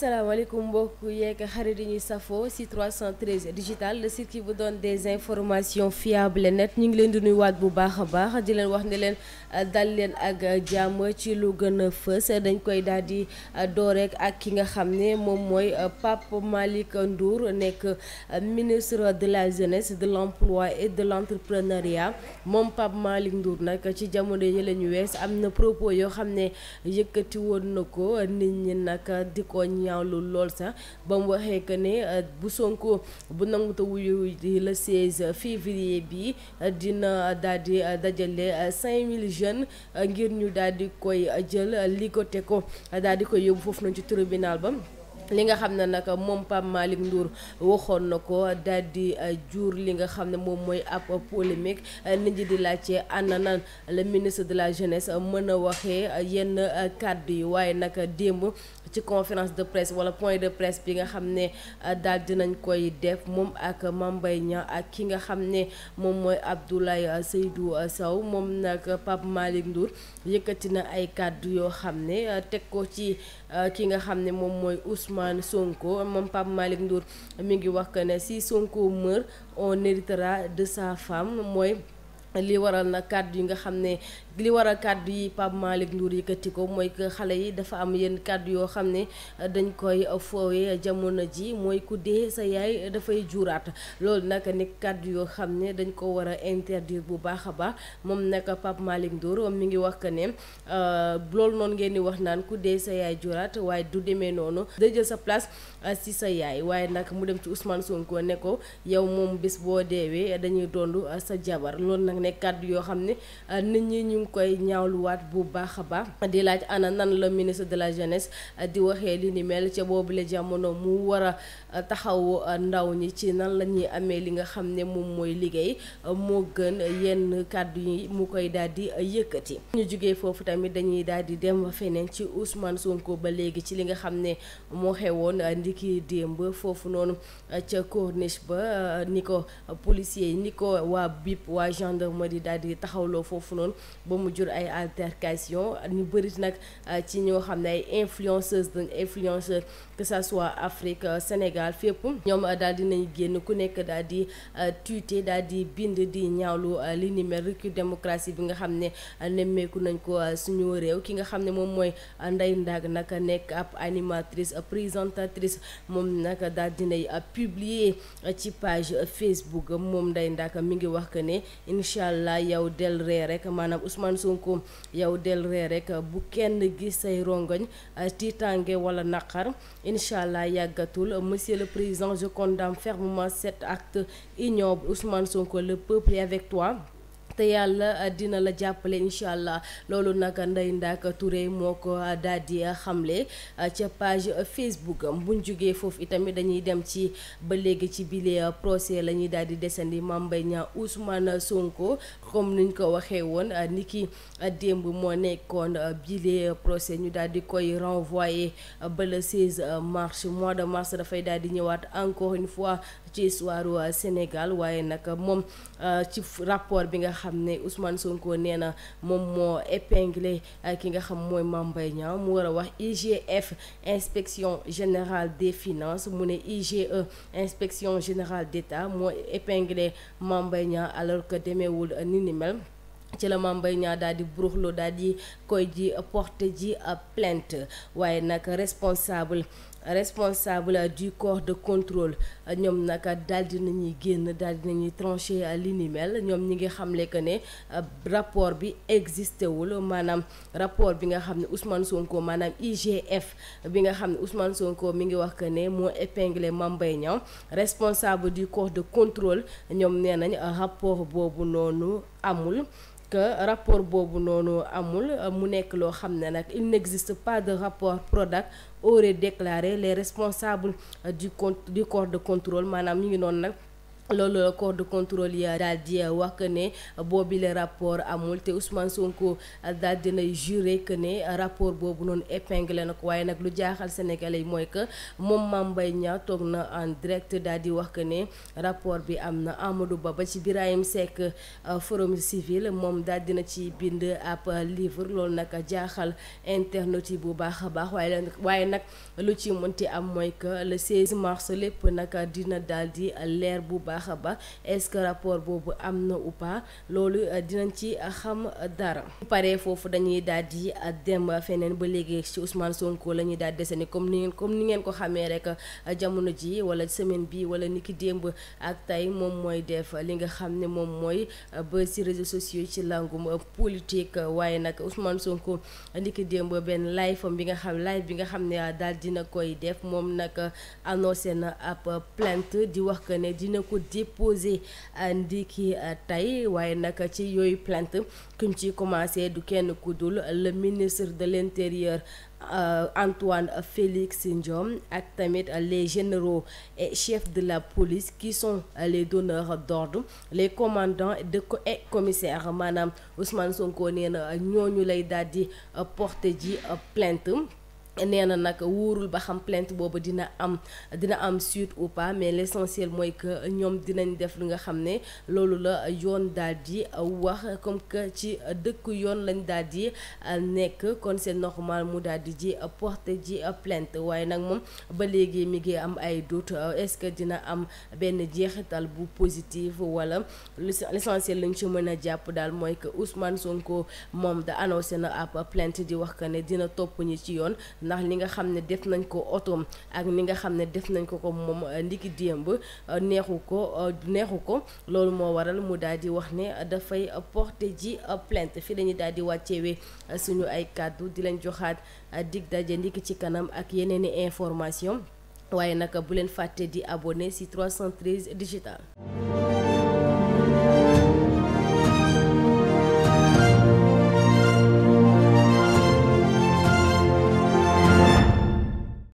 asalaamaaleykum mbokk yeeg xarit yi ñuy safoo ci 313 digital le site qui vous donne des informations fiables et net ñu ngi leen di nuyuwaat bu baax a baax di leen wax ne leen euh, dal leen ak jàmm ci lu gën a fës dañ koy daal di euh, dooreek ak ki nga xam ne moom mooy euh, Pape Malick Ndour nekk ministre de la jeunesse de l'emploi et de l'entrepreneuriat moom Pape Malick Ndour nag ci jamono yi la ñu wees am na propos yoo xam ne yëkkati woon na ko nit ñi nag di ko ñaaw loolu lool sax ba mu waxee que ne euh, bu Sonko bu nanguta wuyu di le 16 février bi euh, dina daal di euh, dajale mille jeunes ngir ñu daal di koy jël ligoté ko daal koy yóbbu foofu nañ ci tribunal ba li nga xam ne nag moom Pape Malick Ndour waxoon na ko daal di euh, jur li nga xam ne moom mooy ab polémique euh, nit ñi di laajte ana nan ministre de la jeunesse mën a waxee euh, yenn kàddu yi waaye nag démb ci conférence de presse wala point de presse bi nga xam ne daal nañ koy def moom ak Mame ak ki nga xam ne moom mooy Abdoulaye Seydou Sow moom nag Pape Malick Ndour yëkkati na ay kàddu yoo xam ne teg ko ci ki nga xam ne moom mooy Ousmane Ousmane Sonko moom Pape Malick Ndour mi ngi wax que ne si Sonko meurt on héritera de sa femme mooy. li waral nag kàddu yi nga xam ne li waral kàddu yi Pape Malick Ndour yëkkati ko mooy que xale yi dafa am yenn kàddu yoo xam ne dañ koy foowee jamono ji mooy ku dee sa yaay dafay juuraat loolu nag nekk kàddu yoo xam ne dañ ko war a interdire bu baax a baax moom nag Pape Malick Ndour mi ngi wax que ne euh, loolu noonu ngeen di wax naan ku dee sa yaay juraat waaye du demee noonu da jël sa place euh, si sa yaay waaye nag mu dem ci Ousmane Sonko ne ko yow moom bés boo deewee dañuy dondu euh, sa jabar loolu nag mu nekk kàddu yoo xam ne euh, nit ñi ñu ngi koy ñaawluwaat bu baax a baax di laaj ana nan la ministre de la jeunesse euh, di waxee li ni mel ca boobule jamono mu war a euh, taxaw ndaw ñi ci nan la ñuy amee li nga xam ne moom mooy liggéey moo gën yenn kàddu yi mu koy daal di yëkkati. ñu jugee foofu tamit dañuy daal di dem feneen ci Ousmane Sonko ba léegi ci li nga xam ne moo xewoon ndiki démb foofu noonu ca corniche ba ni ko policier yi ni ko waa BIP waa gendarme. ma daal di taxawloo foofu noonu ba mu jur ay altercation ñu bëri nag euh, ci ñoo xam ne ay influenceuse dañ influenceur que ça soit Afrique euh, Sénégal fépp ñoom euh, daal di nañ génn ku nekk daal di tuite daal di bind di ñaawlu li ni mel recul démocratie bi nga xam ne nemmeeku nañ ko suñu réew ki nga xam ne moom mooy Ndeye Ndack nag nekk ab animatrice présentatrice moom nag daal dinay publier ci page Facebook moom Ndeye Ndack mi ngi wax que ne incha incha allah yow del ree rek maanaam Ousmane Sonko yow del ree rek bu kenn gis say rongoñ euh, tiitange wala naqar incha allah yàggatul monsieur le président je condamne fermement cet acte ignoble Ousmane Sonko le peuple est avec te yàlla euh, dina la jàppale incha allah loolu nag Ndeye Ndack moo ko euh, daal di euh, xamle ca page Facebook am buñ jógee foofu itamit dañuy dem ci ba léegi ci bile procès la ñuy daal di desandi Mame Mbaye Niang Ousmane Sonko comme niñ ko waxee woon ni ki démb moo nekkoon bile procès ñu daal di koy renvoyé ba le 16 mois de mars dafay daal di ñëwaat encore une fois ci histoire Sénégal waaye nag moom euh, ci rapport bi nga xam ne Ousmane Sonko nee na moom moo épinglé euh, ki nga xam mooy Mame mu war a wax IGF inspection générale des finance mu ne IGE inspection générale d'État moo épinglé Mame Mbaye Niang alors que demeewul euh, ni ni ci la Mame Mbaye daal di buruxlu daal di koy ji porte ji plainte waaye nag responsable responsable du corps de contrôle ñoom nag daal di nañuy génn daal nañuy tranché li ni ñoom ñi ngi xamle que ne euh, rapport bi existé wul maanaam rapport bi nga xam ne Ousmane Sonko maanaam IGF bi nga xam ne Ousmane Sonko mi ngi wax que ne moo épinglé Mame Mbaye Niang responsable du corps de contrôle ñoom nee nañ rapport boobu noonu amul. que rapport boobu noonu amul mu nekk loo xam ne nag il n'existe pas de rapport Prodac aurait déclaré les responsables du compte du corps de contrôle maanaam ñu ngi noonu nag loolu la corps de contrôle yi daal wax que ne boobi le rapport amul te Ousmane Sonko daal dinay juré que ne rapport boobu noonu épinglé na ko waaye nag lu jaaxal sénégalais yi mooy que moom Mame Mbaye Niang na en direct daal di wax que ne rapport bi am na Amadou Ba ba ci Birahim Seck euh, forum civil moom daal dina ci bind ab livre loolu nag jaaxal internet yi bu baax a baax waaye waaye nag lu ci mënti am mooy que le 16 mars lépp nag dina daal di leer bu baax baax a baax est-ce que rapport boobu am na ou loolu euh, dinañ ci euh, xam euh, dara bu paree foofu dañuy daal di dem feneen ba léegi ci Ousmane Sonko la ñuy daal dese ni comme ni ngeen comme ni ngeen ko xamee rek jamono ji wala semaine bi wala niki démb ak tey moom mooy def li nga xam ne moom mooy ba ci réseaux sociaux ci langum politique waaye nag Ousmane Sonko niki démb benn live bi nga xam live bi nga xam ne daal dina koy def moom nag annoncé na ab plainte di wax que ne dina ko déposé euh, ndiki euh, tey waaye nag ci yooyu plainte kuñ ci commencé du kenn ku dul le ministre de l'intérieur Euh, Antoine Félix Ndiom ak tamit les généraux et chef de la police qui son les donneurs d'ordre les commandants de et maanaam Ousmane Sonko nee na ñooñu lay daal di euh, porter ji plainte nee na nag wóorul ba xam plainte boobu dina am dina am suite ou pas mais l'essentiel mooy que ñoom dinañ def lu nga xam ne loolu la yoon daal aw wax comme que ci dëkk yoon lañ daal di nekk kon c'est normal mu daal di ji porter ji plainte waaye nag moom ba léegi mi ngi am ay doute est-ce que dina am benn jeexital bu positif wala l'essentiel lañ ci mën a jàpp daal mooy que Ousmane Sonko moom da annoncé na ab plainte di wax que ne dina topp ñi ci yoon ndax li nga xam ne def nañ ko otoom ak ni nga xam ne def nañ ko ko moom euh, ndiki démb euh, neexu ko euh, neexu ko loolu moo waral mu daal di wax ne dafay porter ji plainte fii dañuy daal di wàccewee suñu ay kàddu di leen joxaat dig daje ndiki ci kanam ak yeneen i information waaye nag bu leen fàtte di abonné si 313 digital